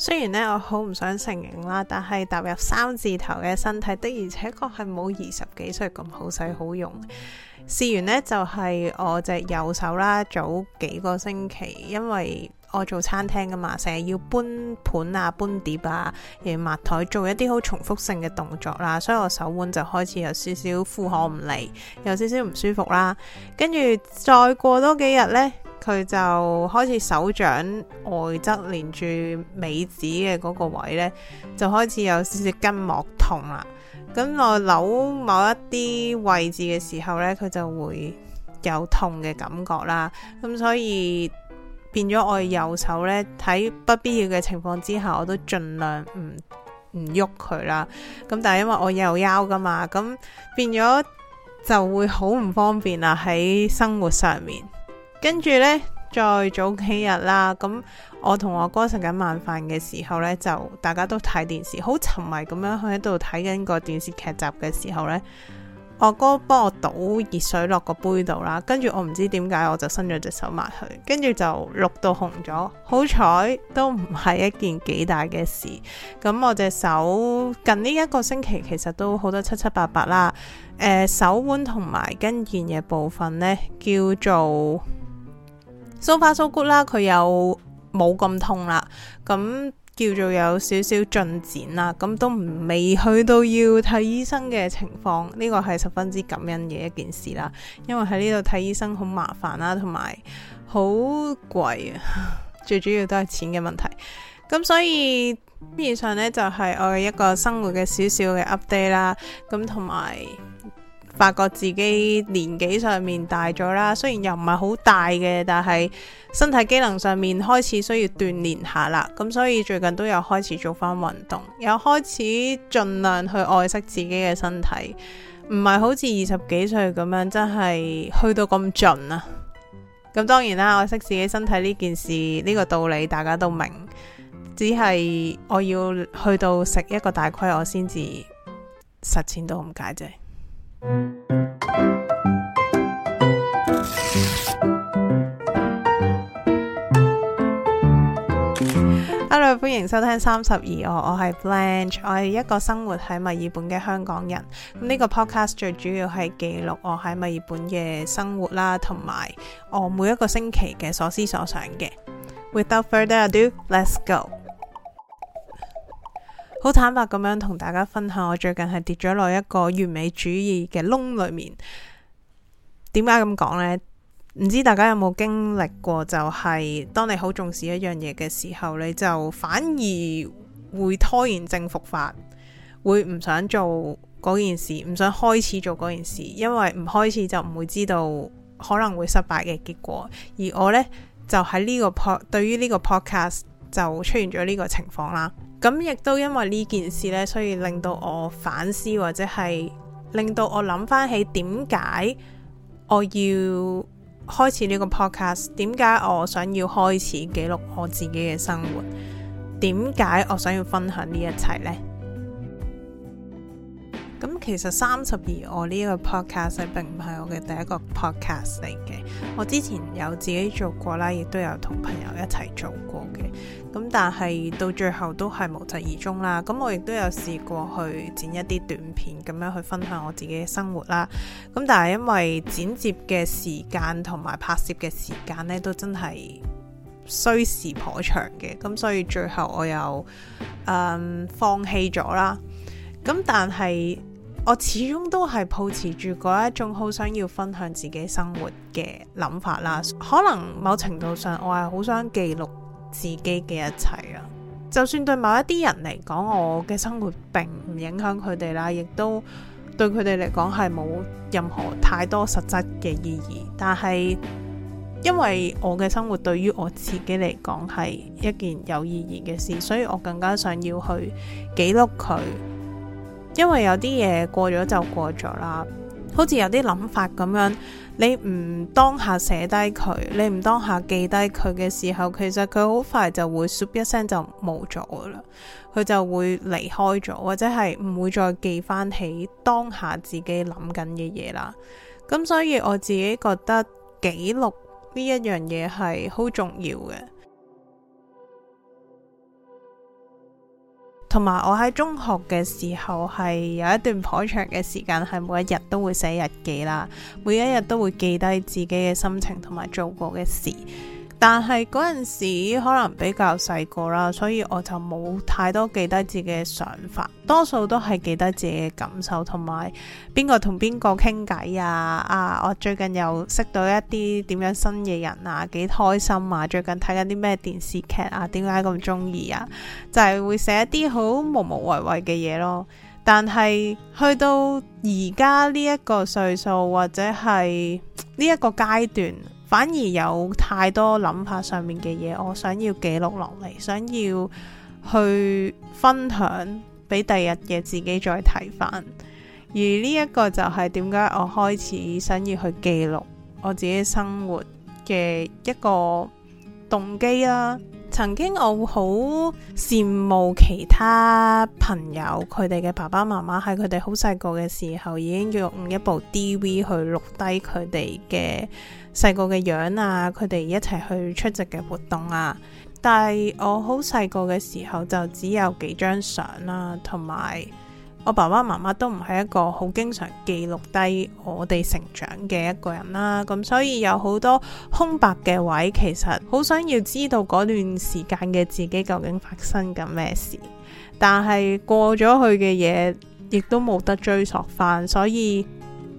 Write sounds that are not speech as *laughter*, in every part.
雖然咧，我好唔想承認啦，但係踏入三字頭嘅身體，的而且確係冇二十幾歲咁好使好用。試完呢，就係我隻右手啦，早幾個星期，因為我做餐廳㗎嘛，成日要搬盤啊、搬碟啊，要抹台，做一啲好重複性嘅動作啦，所以我手腕就開始有少少負荷唔嚟，有少少唔舒服啦。跟住再過多幾日呢，佢就開始手掌外側連住尾指嘅嗰個位呢，就開始有少少筋膜痛啦。咁我扭某一啲位置嘅時候呢，佢就會有痛嘅感覺啦。咁所以變咗我右手呢，喺不必要嘅情況之下，我都盡量唔唔喐佢啦。咁但係因為我右腰㗎嘛，咁變咗就會好唔方便啦，喺生活上面。跟住呢，再早幾日啦。咁我同我哥食緊晚飯嘅時候呢，就大家都睇電視，好沉迷咁樣，佢喺度睇緊個電視劇集嘅時候呢，我哥幫我倒熱水落個杯度啦。跟住我唔知點解，我就伸咗隻手埋去，跟住就碌到紅咗。好彩都唔係一件幾大嘅事。咁我隻手近呢一個星期，其實都好多七七八八啦。呃，手腕同埋跟腱嘅部分呢，叫做。So far so good 啦，佢、so so、又冇咁痛啦，咁叫做有少少進展啦，咁都唔未去到要睇醫生嘅情況，呢個係十分之感恩嘅一件事啦，因為喺呢度睇醫生好麻煩啦，同埋好貴啊，最主要都係錢嘅問題。咁所以以上呢，就係我嘅一個生活嘅少少嘅 update 啦，咁同埋。發覺自己年紀上面大咗啦，雖然又唔係好大嘅，但係身體機能上面開始需要鍛鍊下啦。咁所以最近都有開始做翻運動，又開始盡量去愛惜自己嘅身體，唔係好似二十幾歲咁樣真係去到咁盡啊。咁當然啦，愛惜自己身體呢件事呢個道理大家都明，只係我要去到食一個大虧，我先至實踐到咁解啫。Hello，歡迎收聽三十二。我，我係 Blanche，我係一個生活喺墨爾本嘅香港人。咁、這、呢個 podcast 最主要係記錄我喺墨爾本嘅生活啦，同埋我每一個星期嘅所思所想嘅。Without further ado，let's go。好坦白咁樣同大家分享，我最近係跌咗落一個完美主義嘅窿裏面。點解咁講呢？唔知大家有冇經歷過、就係，就係當你好重視一樣嘢嘅時候，你就反而會拖延症復發，會唔想做嗰件事，唔想開始做嗰件事，因為唔開始就唔會知道可能會失敗嘅結果。而我呢，就喺呢個 pod，對於呢個 podcast。就出現咗呢個情況啦，咁亦都因為呢件事呢，所以令到我反思，或者係令到我諗翻起點解我要開始呢個 podcast，點解我想要開始記錄我自己嘅生活，點解我想要分享呢一切呢？其實三十二，我呢個 podcast 係並唔係我嘅第一個 podcast 嚟嘅。我之前有自己做過啦，亦都有同朋友一齊做過嘅。咁但係到最後都係無疾而終啦。咁我亦都有試過去剪一啲短片，咁樣去分享我自己嘅生活啦。咁但係因為剪接嘅時間同埋拍攝嘅時間呢，都真係需時頗長嘅。咁所以最後我又、嗯、放棄咗啦。咁但係。我始終都係抱持住嗰一種好想要分享自己生活嘅諗法啦。可能某程度上，我係好想記錄自己嘅一切啊。就算對某一啲人嚟講，我嘅生活並唔影響佢哋啦，亦都對佢哋嚟講係冇任何太多實質嘅意義。但係因為我嘅生活對於我自己嚟講係一件有意義嘅事，所以我更加想要去記錄佢。因為有啲嘢過咗就過咗啦，好似有啲諗法咁樣，你唔當下寫低佢，你唔當下記低佢嘅時候，其實佢好快就會咻一聲就冇咗啦，佢就會離開咗，或者係唔會再記翻起當下自己諗緊嘅嘢啦。咁所以我自己覺得記錄呢一樣嘢係好重要嘅。同埋我喺中學嘅時候係有一段頗長嘅時間，係每一日都會寫日記啦，每一日都會記低自己嘅心情同埋做過嘅事。但係嗰陣時可能比較細個啦，所以我就冇太多記得自己嘅想法，多數都係記得自己嘅感受，同埋邊個同邊個傾偈啊！啊，我最近又識到一啲點樣新嘅人啊，幾開心啊！最近睇緊啲咩電視劇啊？點解咁鍾意啊？就係會寫一啲好無無謂謂嘅嘢咯。但係去到而家呢一個歲數或者係呢一個階段。反而有太多諗法上面嘅嘢，我想要記錄落嚟，想要去分享俾第日嘅自己再睇翻。而呢一個就係點解我開始想要去記錄我自己生活嘅一個動機啦。曾經我好羨慕其他朋友佢哋嘅爸爸媽媽喺佢哋好細個嘅時候已經用一部 DV 去錄低佢哋嘅細個嘅樣啊，佢哋一齊去出席嘅活動啊，但係我好細個嘅時候就只有幾張相啦，同埋，我爸爸媽媽都唔係一個好經常記錄低我哋成長嘅一個人啦，咁所以有好多空白嘅位，其實好想要知道嗰段時間嘅自己究竟發生緊咩事，但係過咗去嘅嘢，亦都冇得追溯翻，所以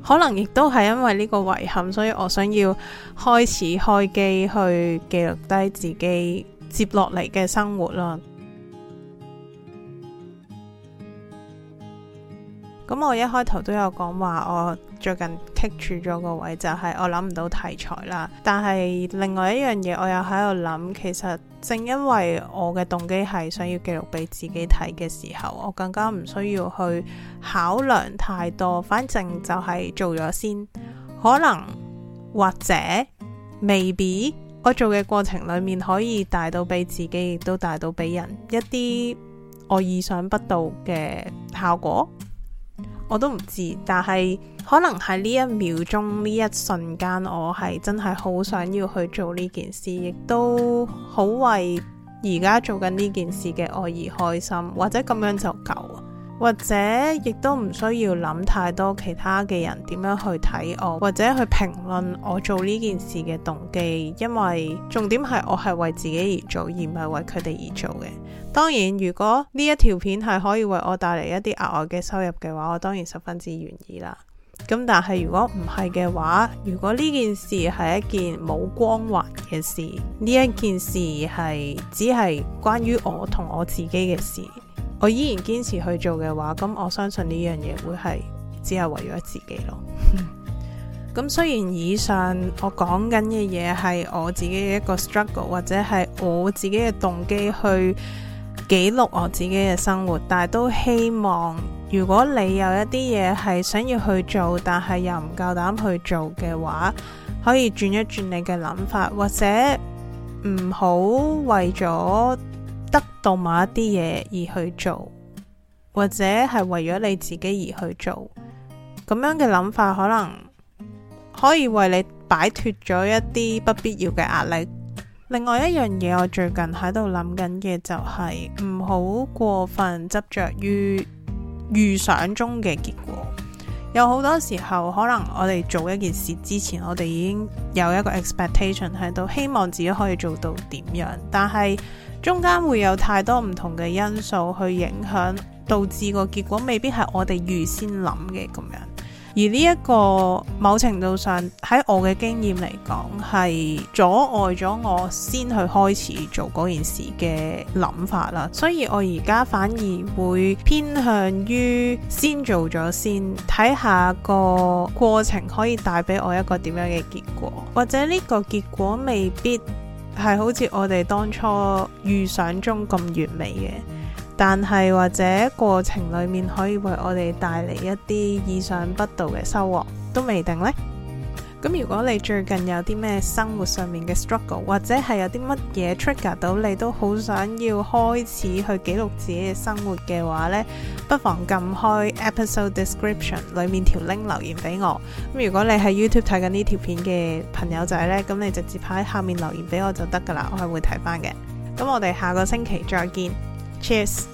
可能亦都係因為呢個遺憾，所以我想要開始開機去記錄低自己接落嚟嘅生活啦。咁我一開頭都有講話，我最近剔住咗個位，就係、是、我諗唔到題材啦。但係另外一樣嘢，我又喺度諗，其實正因為我嘅動機係想要記錄俾自己睇嘅時候，我更加唔需要去考量太多，反正就係做咗先。可能或者未必，我做嘅過程裏面可以帶到俾自己，亦都帶到俾人一啲我意想不到嘅效果。我都唔知，但係可能喺呢一秒鐘、呢一瞬間，我係真係好想要去做呢件事，亦都好為而家做緊呢件事嘅愛而開心，或者咁樣就夠啊！或者亦都唔需要諗太多其他嘅人點樣去睇我，或者去評論我做呢件事嘅動機，因為重點係我係為自己而做，而唔係為佢哋而做嘅。當然，如果呢一條片係可以為我帶嚟一啲額外嘅收入嘅話，我當然十分之願意啦。咁，但係如果唔係嘅話，如果呢件事係一件冇光環嘅事，呢一件事係只係關於我同我自己嘅事。我依然堅持去做嘅話，咁我相信呢樣嘢會係只係為咗自己咯。咁 *laughs* 雖然以上我講緊嘅嘢係我自己嘅一個 struggle，或者係我自己嘅動機去記錄我自己嘅生活，但係都希望如果你有一啲嘢係想要去做，但係又唔夠膽去做嘅話，可以轉一轉你嘅諗法，或者唔好為咗。得到某一啲嘢而去做，或者係為咗你自己而去做，咁樣嘅諗法可能可以為你擺脫咗一啲不必要嘅壓力。另外一樣嘢，我最近喺度諗緊嘅就係唔好過分執着於預想中嘅結果。有好多時候，可能我哋做一件事之前，我哋已經有一個 expectation 喺度，希望自己可以做到點樣，但係。中間會有太多唔同嘅因素去影響，導致個結果未必係我哋預先諗嘅咁樣。而呢一個某程度上喺我嘅經驗嚟講，係阻礙咗我先去開始做嗰件事嘅諗法啦。所以我而家反而會偏向於先做咗先，睇下個過程可以帶俾我一個點樣嘅結果，或者呢個結果未必。係好似我哋當初預想中咁完美嘅，但係或者過程裡面可以為我哋帶嚟一啲意想不到嘅收穫，都未定呢。咁如果你最近有啲咩生活上面嘅 struggle，或者係有啲乜嘢 trigger 到你都好想要開始去記錄自己嘅生活嘅話呢不妨撳開 episode description 裏面條 link 留言俾我。咁如果你喺 YouTube 睇緊呢條片嘅朋友仔呢，咁你直接排喺下面留言俾我就得㗎喇，我係會睇翻嘅。咁我哋下個星期再見，Cheers。